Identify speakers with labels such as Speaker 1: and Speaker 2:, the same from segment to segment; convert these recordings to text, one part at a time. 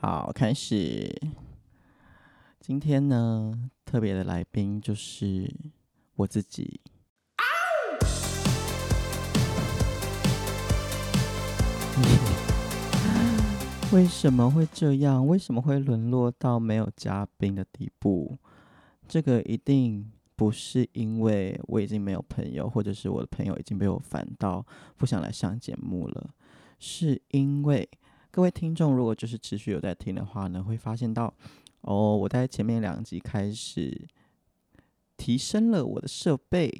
Speaker 1: 好，開始。今天呢，特別的來賓就是我自己。 為什麼會這樣？為什麼會淪落到沒有嘉賓的地步？這個一定不是因為我已經沒有朋友，或者是我的朋友已經被我煩到不想來上節目了，是因為。各位聽眾，如果就是持續有在聽的話呢，會發現到哦，我在前面兩集開始提升了我的設備，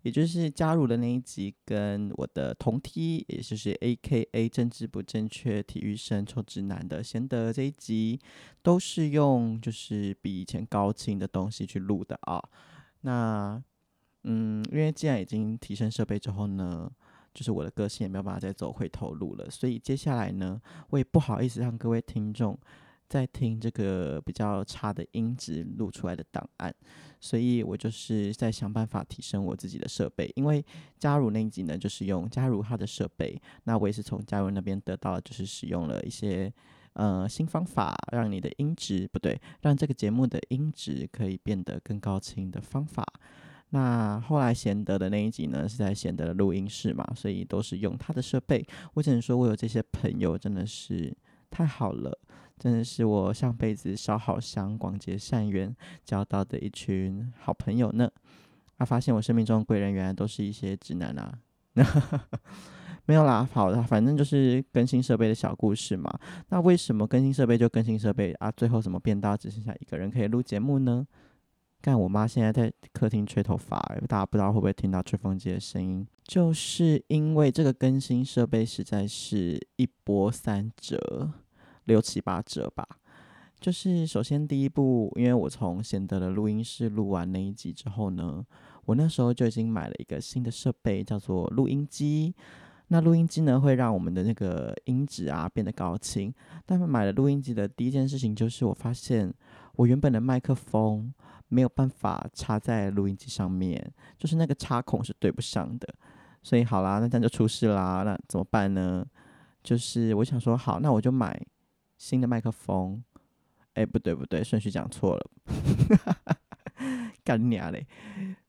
Speaker 1: 也就是加入了那一集跟我的同梯，也就是 AKA 政治不正確體育生抽直男的賢德這一集，都是用就是比以前高清的東西去錄的啊。那嗯，因為既然已經提升設備之後呢。就是我的個性也沒有辦法再走回頭路了，所以接下來呢，我也不好意思讓各位聽眾再聽這個比較差的音質錄出來的檔案，所以我就是在想辦法提升我自己的設備。因為嘉如那一集呢，就是用嘉如他的設備，那我也是從嘉如那邊得到，就是使用了一些呃新方法，讓你的音質，不對，讓這個節目的音質可以變得更高清的方法。那後來賢德的那一集呢，是在賢德的錄音室嘛，所以都是用他的設備。我只能說，我有這些朋友真的是太好了，真的是我上輩子燒好香廣結善緣交到的一群好朋友呢。啊，發現我生命中的貴人原來都是一些直男啊， 沒有啦，好的，反正就是更新設備的小故事嘛。那為什麼更新設備就更新設備啊？最後怎麼變到只剩下一個人可以錄節目呢？但我媽現在在客廳吹頭髮，大家不知道會不會聽到吹風機的聲音？就是因為這個更新設備實在是一波三折，六七八折吧。就是首先第一步，因為我從賢德的錄音室錄完那一集之後呢，我那時候就已經買了一個新的設備，叫做錄音機。那錄音機呢，會讓我們的那個音質啊變得高清。但買了錄音機的第一件事情就是，我發現我原本的麥克風。沒有辦法插在錄音機上面，就是那個插孔，是對不上的，所以好啦，那這樣就出事啦，那怎麼辦呢？就是我想說，好，那我就買新的麥克風。哎，不對不對，順序講錯了， 乾娘嘞，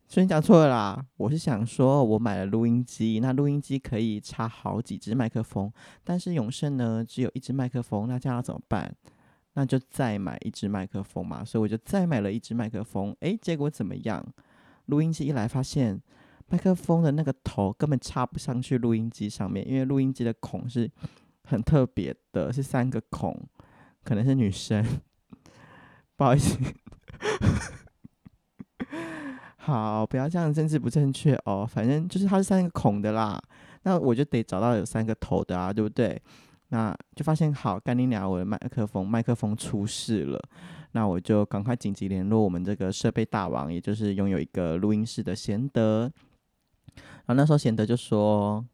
Speaker 1: 所以講錯了啦。我是想說我買了錄音機，那錄音機可以插好幾只麥克風，但是永勝呢只有一只麥克風，那這樣要怎麼辦？那就再買一只麥克風嘛，所以我就再買了一只麥克風。哎、欸，結果怎麼樣？錄音機一來，發現麥克風的那個頭根本插不上去錄音機上面，因為錄音機的孔是很特別的，是三個孔，可能是女生，不好意思。 好，不要這樣，政治不正確哦。反正就是它是三個孔的啦，那我就得找到有三個頭的啊，對不對？那就發現好，幹你鳥！我的麥克風麥克風出事了，那我就趕快緊急聯絡我們這個設備大王，也就是擁有一個錄音室的賢德。然後那時候賢德就說：“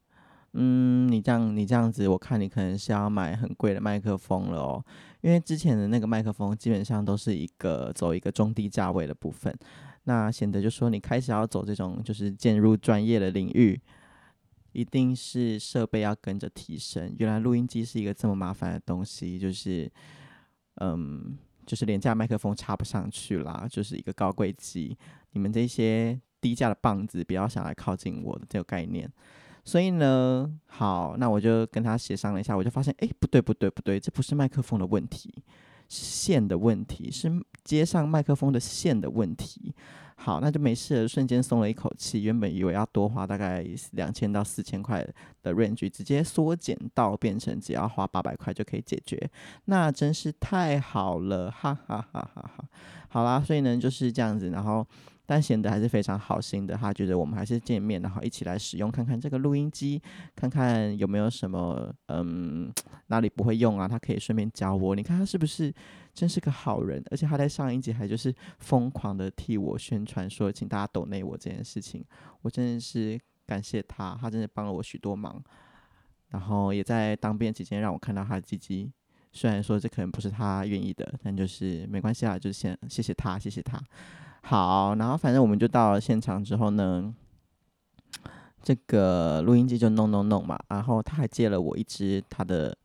Speaker 1: 嗯，你這樣你這樣子，我看你可能是要買很貴的麥克風了哦，因為之前的那個麥克風基本上都是一個走一個中低價位的部分。那賢德就說你開始要走這種就是進入專業的領域。”一定是設備要跟着提升。原來錄音機是一個這麼麻煩的東西，就是，嗯，就是廉價麥克風插不上去啦，就是一個高貴機。你們這些低價的棒子，不要想來靠近我的這個概念。所以呢，好，那我就跟他協商了一下，我就發現，哎、欸，不對不對不對，這不是麥克風的問題，是線的問題，是接上麥克風的線的問題。好，那就沒事了，瞬間鬆了一口氣。原本以為要多花大概兩千到四千塊的 range，直接縮減到變成只要花八百塊就可以解決，那真是太好了，哈哈哈哈哈！好啦，所以呢就是這樣子，然後。但顯得還是非常好心的，他覺得我們還是見面，然後一起來使用看看這個錄音機，看看有沒有什麼，嗯，哪裡不會用啊？他可以順便教我。你看他是不是真是個好人？而且他在上一集還就是瘋狂的替我宣傳，說請大家抖內我這件事情。我真的是感謝他，他真的幫了我許多忙。然後也在當兵期間讓我看到他的雞雞。雖然說這可能不是他願意的，但就是沒關係啊，就先謝謝他，謝謝他。好，然後反正我們就到了現場之後呢，這個錄音機就弄弄弄嘛。然後他還借了我一支他的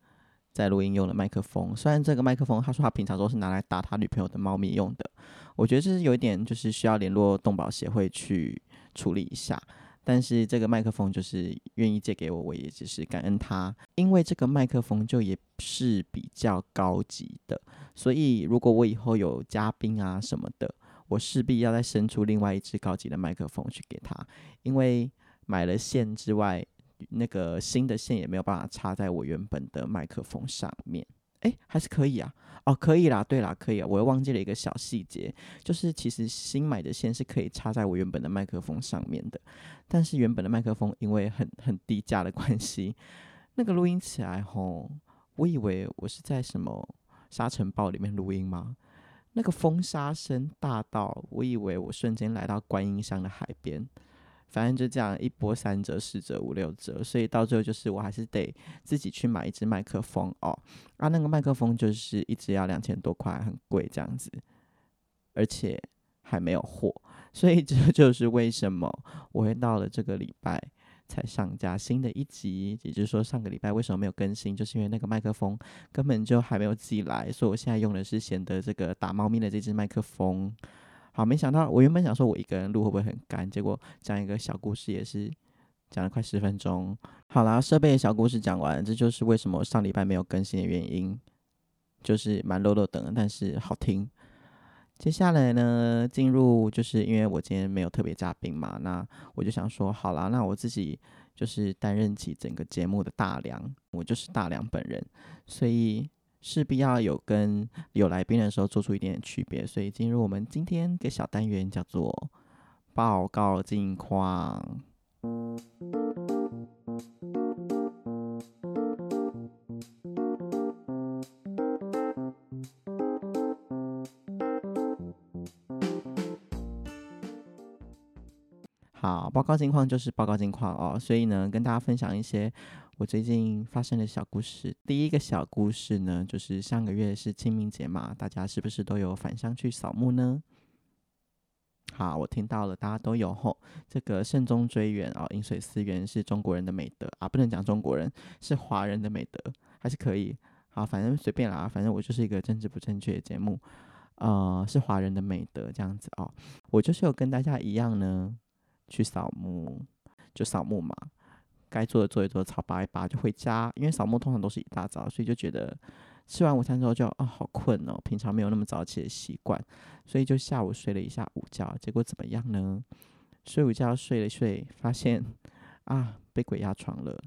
Speaker 1: 在錄音用的麥克風，雖然這個麥克風他說他平常都是拿來打他女朋友的貓咪用的，我覺得這是有一點就是需要聯絡動保協會去處理一下。但是這個麥克風就是願意借給我，我也只是感恩他，因為這個麥克風就也是比較高級的，所以如果我以後有嘉賓啊什麼的。我勢必要再伸出另外一支高級的麥克風去給他，因為買了線之外，那個新的線也沒有辦法插在我原本的麥克風上面。哎，還是可以啊。哦，可以啦，對啦，可以啊。我又忘記了一個小細節，就是其實新買的線是可以插在我原本的麥克風上面的，但是原本的麥克風因為很很低價的關係，那個錄音起來後，我以為我是在什麼沙塵暴裡面錄音嗎？那個風沙聲大到，我以為我瞬間來到觀音山的海邊。反正就這樣一波三折、四折、五六折，所以到最後就是我還是得自己去買一支麥克風哦。啊，那個麥克風就是一支要兩千多塊，很貴這樣子，而且還沒有貨。所以這就是為什麼我會到了這個禮拜。才上架新的一集，也就是說上個禮拜為什麼沒有更新，就是因為那個麥克風根本就還沒有寄來，所以我現在用的是賢德這個打貓咪的這支麥克風。好，沒想到我原本想說我一個人錄會不會很乾，結果講一個小故事也是講了快十分鐘。好啦，設備的小故事講完，這就是為什麼上禮拜沒有更新的原因，就是蠻 low low 的，但是好聽。接下來呢，進入就是因為我今天沒有特別嘉賓嘛，那我就想說好啦，那我自己就是擔任起整個節目的大梁，我就是大梁本人，所以勢必要有跟有來賓的時候做出一點區別，所以進入我們今天的小單元叫做報告近況。啊，報告近況就是報告近況哦。所以呢，跟大家分享一些我最近發生的小故事。第一個小故事呢，就是上個月是清明節嘛，大家是不是都有返鄉去掃墓呢？好，我聽到了，大家都有。吼這個慎終追遠哦，飲水思源是中國人的美德啊，不能講中國人，是華人的美德還是可以。好，反正隨便啦，反正我就是一個政治不正確的節目，啊、呃，是華人的美德這樣子哦。我就是有跟大家一樣呢。去掃墓，就掃墓嘛，該做的做一做，草拔一拔，就回家。因為掃墓通常都是一大早，所以就覺得吃完午餐之後就啊、哦、好困哦。平常沒有那麼早起的習慣，所以就下午睡了一下午覺。結果怎麼樣呢？睡午覺睡了睡，發現啊被鬼壓床了。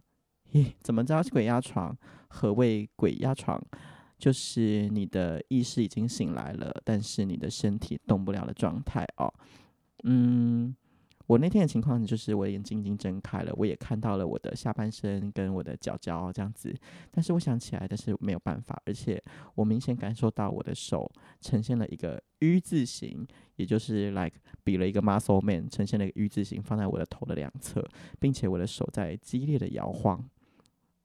Speaker 1: 咦，怎麼着鬼壓床？何謂鬼壓床？就是你的意識已經醒來了，但是你的身體動不了的狀態哦。嗯。我那天的情況就是，我眼睛已經睜開了，我也看到了我的下半身跟我的腳腳這樣子。但是我想起來，但是沒有辦法，而且我明顯感受到我的手呈現了一個 V 字形，也就是 like 比了一個 muscle man，呈現了一個 V 字形放在我的頭的兩側，並且我的手在激烈的搖晃，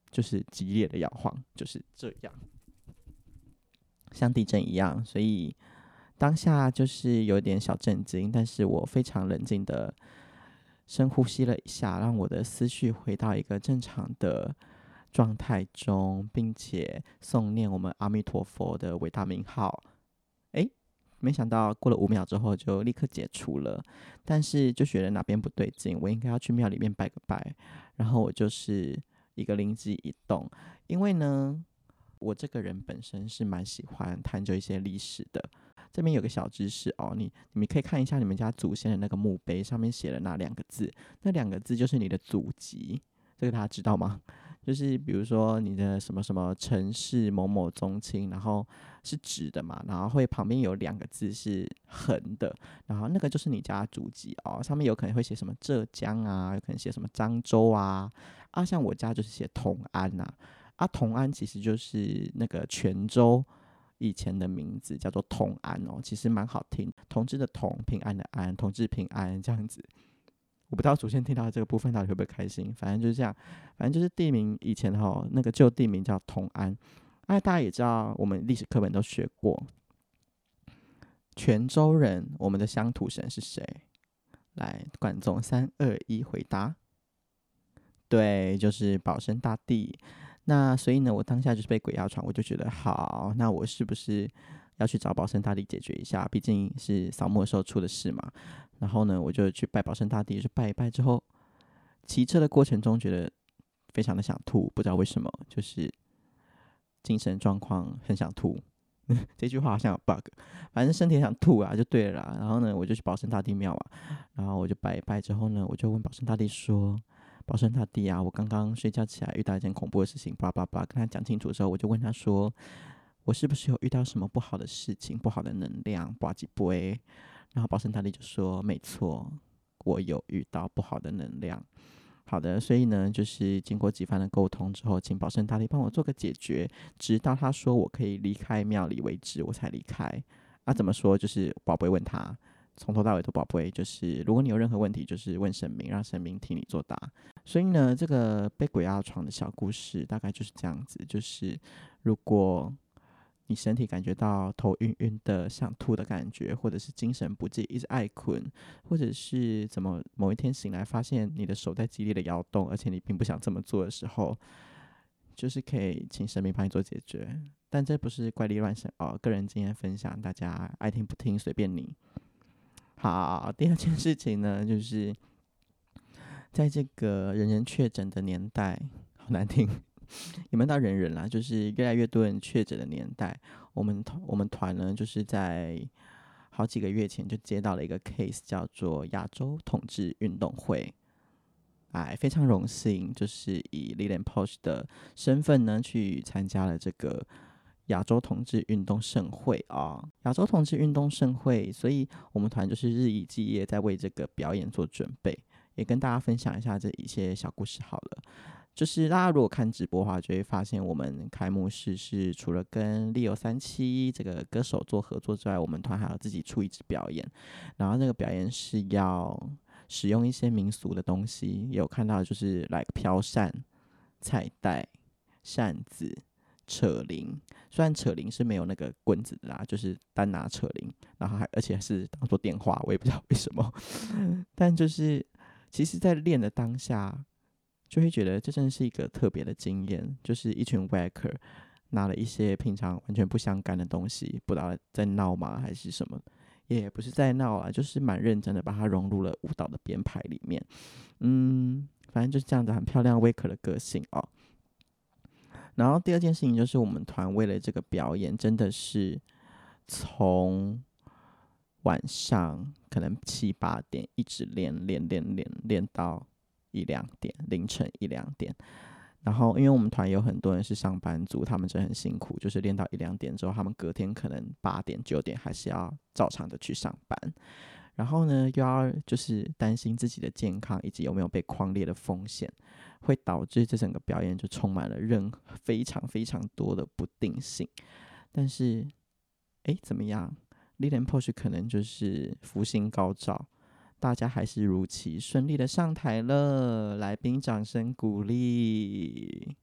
Speaker 1: 就是激烈的搖晃，就是這樣，像地震一樣，所以。當下就是有點小震驚，但是我非常冷靜的深呼吸了一下，讓我的思緒回到一個正常的狀態中，並且誦念我們阿彌陀佛的偉大名號。哎，沒想到過了五秒之後就立刻解除了，但是就覺得哪邊不對勁，我應該要去廟裡面拜個拜。然後我就是一個靈機一動，因為呢，我這個人本身是蠻喜歡探究一些歷史的。這邊有個小知識哦，你你們可以看一下你們家祖先的那個墓碑上面寫的那兩個字，那兩個字就是你的祖籍，這個大家知道嗎？就是比如說你的什麼什麼城市某某宗親，然後是直的嘛，然後會旁邊有兩個字是橫的，然後那個就是你家祖籍哦，上面有可能會寫什麼浙江啊，有可能寫什麼漳州啊，啊，像我家就是寫同安吶，啊，啊，同安其實就是那個泉州。以前的名字叫做同安哦，其實蠻好聽，同治的同，平安的安，同治平安這樣子。我不知道祖先聽到的這個部分，到底會不會開心？反正就是這樣，反正就是地名，以前的話那個舊地名叫同安，哎、啊，大家也知道，我們歷史課本都學過。泉州人，我們的鄉土神是誰？來，觀眾三二一回答，對，就是保生大帝。那所以呢，我當下就是被鬼壓床，我就覺得好，那我是不是要去找保生大帝解決一下？畢竟是掃墓的時候出的事嘛。然後呢，我就去拜保生大帝，就拜一拜之後，騎車的過程中覺得非常的想吐，不知道為什麼，就是精神狀況很想吐。 這句話好像有 bug，反正身體想吐啊，就對了啦。然後呢，我就去保生大帝廟啊，然後我就拜一拜之後呢，我就問保生大帝說。保生大帝啊，我剛剛睡覺起來遇到一件恐怖的事情，叭叭叭，跟他講清楚的時候，我就問他說，我是不是有遇到什麼不好的事情、不好的能量，不好幾波？然後保生大帝就說，沒錯，我有遇到不好的能量。好的，所以呢，就是經過幾番的溝通之後，請保生大帝幫我做個解決，直到他說我可以離開廟裡為止，我才離開。啊，怎麼說？就是保貝問他，從頭到尾都保庇，就是如果你有任何問題，就是問神明，讓神明替你作答。所以呢，這個被鬼壓床的小故事大概就是這樣子。就是如果你身體感覺到頭暈暈的、想吐的感覺，或者是精神不濟、一直愛睏，或者是怎麼某一天醒來發現你的手在激烈的搖動，而且你並不想這麼做的時候，就是可以請神明幫你做解決。但這不是怪力亂神哦，個人經驗分享，大家愛聽不聽隨便你。好，第二件事情呢，就是在這個人人確診的年代，好難聽，有沒有到人人啦？就是越來越多人確診的年代，我們團我們團呢，就是在好幾個月前就接到了一個 case，叫做亞洲統治運動會。哎，非常榮幸，就是以 Lead and Post 的身份呢，去參加了這個。亞洲同志運動盛會啊，哦，亞洲同志運動盛會，所以我們團就是日以繼夜在為這個表演做準備，也跟大家分享一下這一些小故事。好了，就是大家如果看直播的話，就會發現我們開幕式是除了跟 Leo 三期這個歌手做合作之外，我們團還要自己出一支表演，然後那個表演是要使用一些民俗的東西，有看到就是來飄扇、彩帶、扇子。扯鈴，雖然扯鈴是沒有那個棍子的啦，就是單拿扯鈴，然後還而且還是當做電話，我也不知道為什麼。 但就是，其實，在練的當下，就會覺得這真的是一個特別的經驗。就是一群 Wacker 拿了一些平常完全不相干的東西，不知道在鬧嗎還是什麼？也、yeah, 不是在鬧啊，就是蠻認真的，把它融入了舞蹈的編排裡面。嗯，反正就是這樣子，很漂亮 Wacker 的個性哦、喔。然後第二件事情就是，我們團為了這個表演，真的是從晚上可能七八點一直練練練練練練練到一兩點，凌晨一兩點。然後，因為我們團有很多人是上班族，他們真的很辛苦，就是練到一兩點之後，他們隔天可能八點九點還是要照常的去上班。然後呢，又要就是擔心自己的健康，以及有沒有被匡列的風險，會導致這整個表演就充滿了任非常非常多的不定性。但是，哎，怎麼樣？Lead and push 可能，就是福星高照，大家還是如期順利的上台了。來賓掌聲鼓勵。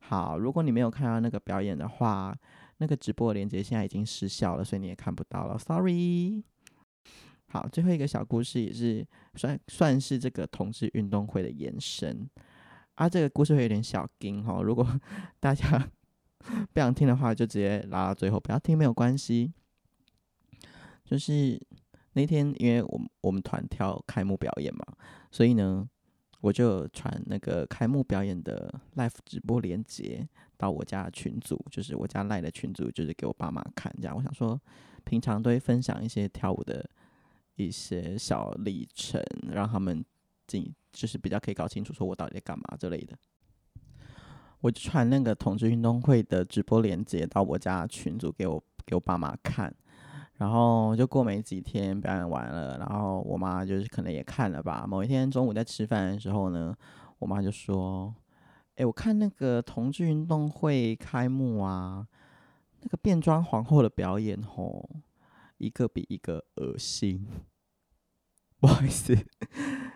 Speaker 1: 好，如果你沒有看到那個表演的話，那個直播連接現在已經失效了，所以你也看不到了。Sorry。好，最後一個小故事也是算，算是這個同事運動會的延伸啊。這個故事會有點小驚哈，如果大家 不想聽的話，就直接拉到最後，不要聽沒有關係。就是那天，因為我我們團跳開幕表演嘛，所以呢，我就傳那個開幕表演的 live 直播鏈接到我家群組，就是我家賴的群組，就是給我爸媽看這樣。我想說，平常都會分享一些跳舞的。一些小歷程，讓他們進就是比較可以搞清楚，說我到底在幹嘛之類的。我就傳那個同志運動會的直播鏈接到我家群組給，給我給我爸媽看。然後就過沒幾天，表演完了。然後我媽就是可能也看了吧。某一天中午在吃飯的時候呢，我媽就說：“哎、欸，我看那個同志運動會開幕啊，那個變裝皇後的表演吼，一個比一個噁心。” 不好意思，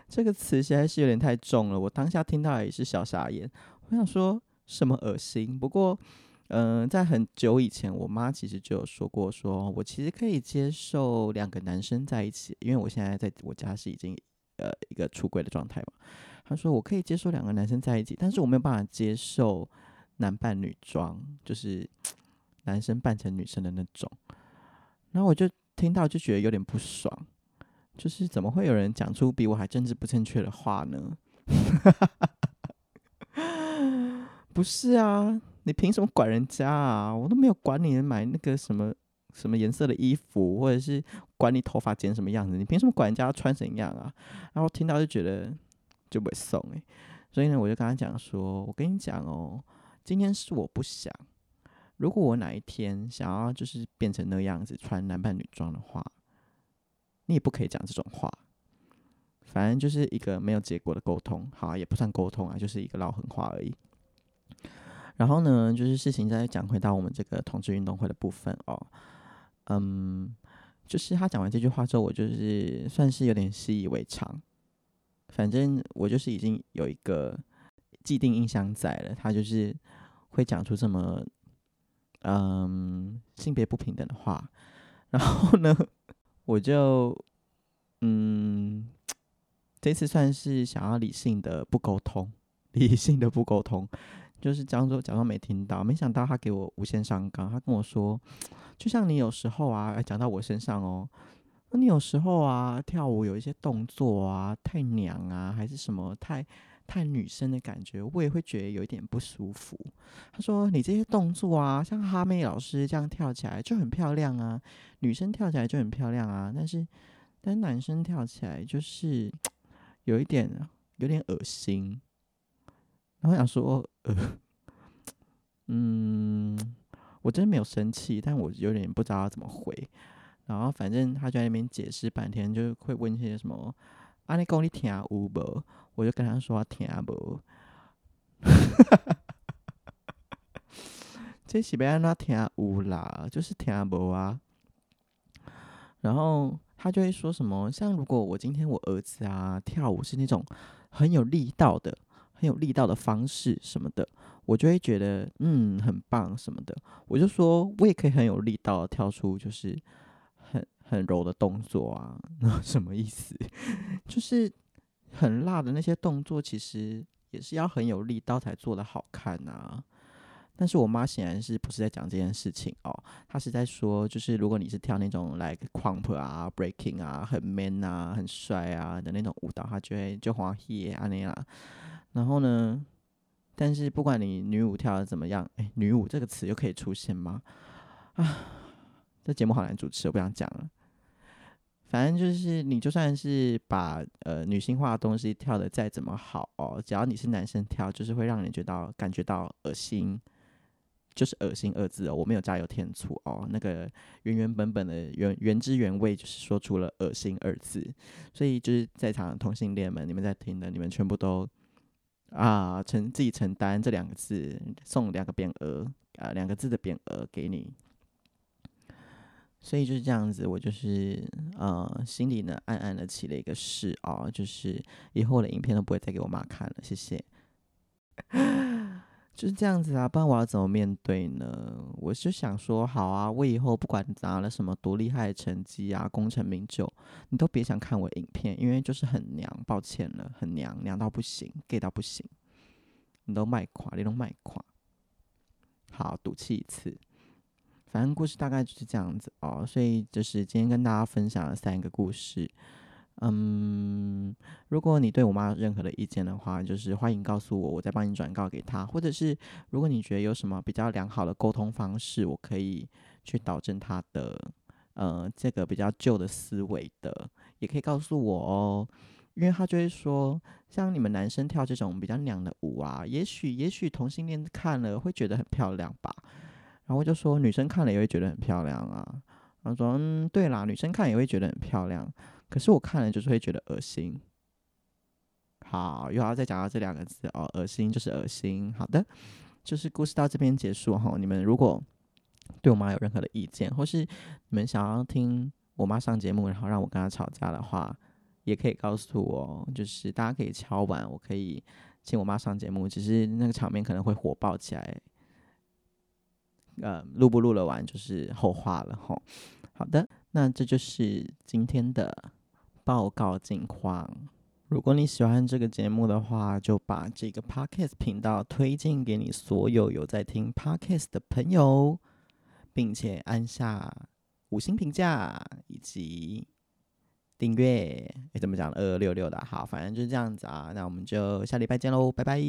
Speaker 1: 這個詞實在是有點太重了。我當下聽到也是小傻眼。我想說什麼惡心？不過，嗯、呃，在很久以前，我媽其實就有說過說，說我其實可以接受兩個男生在一起，因為我現在在我家是已經呃一個出櫃的狀態嘛。她說我可以接受兩個男生在一起，但是我沒有辦法接受男扮女裝，就是男生扮成女生的那種。然後我就聽到就覺得有點不爽。就是怎麼會有人講出比我還政治不正確的話呢？ 不是啊，你憑什麼管人家啊？我都沒有管你買那個什麼什麼顏色的衣服，或者是管你頭髮剪什麼樣子，你憑什麼管人家要穿什麼樣啊？然後聽到就覺得就不會送誒、欸，所以呢，我就跟他講說，我跟你講哦，今天是我不想，如果我哪一天想要就是變成那個樣子，穿男扮女裝的話。也不可以講這種話，反正就是一個沒有結果的溝通，好啊，也不算溝通啊，就是一個撂狠話而已。然後呢，就是事情再講回到我們這個同志運動會的部分哦，嗯，就是他講完這句話之後，我就是算是有點習以為常，反正我就是已經有一個既定印象在了，他就是會講出這麼嗯性別不平等的話，然後呢，我就，嗯，這次算是想要理性的不溝通，理性的不溝通，就是假裝假裝沒聽到。沒想到他給我無限上綱，他跟我說，就像你有時候啊，欸，講到我身上哦，那你有時候啊，跳舞有一些動作啊，太娘啊，還是什麼太。看女生的感覺，我也會覺得有一點不舒服。他說：“你這些動作啊，像哈妹老師這樣跳起來就很漂亮啊，女生跳起來就很漂亮啊，但是，但男生跳起來就是有一點有點噁心。”然後想說：“呃，嗯，我真的沒有生氣，但我有點不知道怎麼回。”然後反正他就在那邊解釋半天，就會問一些什麼。阿、啊、你講你聽有無？我就跟他說聽無， 這是不要那聽無啦，就是聽無啊。然後他就會說什麼，像如果我今天我兒子啊跳舞是那種很有力道的，很有力道的方式什麼的，我就會覺得嗯，很棒什麼的。我就說我也可以很有力道的跳出，就是。很柔的動作啊，那什麼意思？就是很辣的那些動作，其實也是要很有力道才做得好看啊。但是我媽顯然是不是在講這件事情哦，她是在說，就是如果你是跳那種 like krump 啊、啊 breaking 啊、很 man 啊、很帥啊的那種舞蹈，她就會就 he a 啊那啦，然後呢，但是不管你女舞跳的怎麼樣，哎、欸，女舞這個詞又可以出現嗎？啊，這節目好難主持，我不想講了。反正就是，你就算是把呃女性化的東西跳得再怎麼好哦，只要你是男生跳，就是會讓你覺得感覺到噁心，就是“噁心”二字哦。我沒有加油添醋哦，那個原原本本的原原汁原味，就是說出了“噁心”二字。所以就是在場同性戀們，你們在聽的，你們全部都啊承自己承擔這兩個字，送兩個匾額啊兩個字的匾額給你。所以就是這樣子，我就是呃，心裡呢暗暗的起了一個誓啊、哦，就是以後的影片，都不會再給我媽看了。謝謝， 就是這樣子啊，不然我要怎麼面對呢？我是就想說，好啊，我以後不管拿了什麼多厲害的成績啊，功成名就，你都別想看我影片，因為就是很娘，抱歉了，很娘娘到不行，gay 到不行，你都賣垮，你都賣垮，好賭氣一次。反正故事大概就是這樣子哦，所以就是今天跟大家分享了三個故事。嗯，如果你對我媽有任何的意見的話，就是歡迎告訴我，我再幫你轉告給她。或者是如果你覺得有什麼比較良好的溝通方式，我可以去導正她的，呃，這個比較舊的思維的，也可以告訴我哦，因為她就會說，像你們男生跳這種比較娘的舞啊，也許也許同性戀看了會覺得很漂亮吧。然後我就說，女生看了也會覺得很漂亮啊。然後說，嗯，對啦，女生看也會覺得很漂亮。可是我看了就是會覺得噁心。好，又要再講到這兩個字哦，噁心就是噁心。好的，就是故事到這邊結束吼、哦，你們如果對我媽有任何的意見，或是你們想要聽我媽上節目，然後讓我跟她吵架的話，也可以告訴我。就是大家可以敲碗，我可以請我媽上節目，只是那個場面可能會火爆起來。呃，錄、嗯、不錄了，完就是後話了吼，好的，那這就是今天的報告近況。如果你喜歡這個節目的話，就把這個 Podcast 頻道推薦給你所有有在聽 Podcast 的朋友，並且按下五星評價以及訂閱。哎、欸，怎麼講二二六六的，好，反正就是這樣子啊。那我們就下禮拜見嘍，拜拜。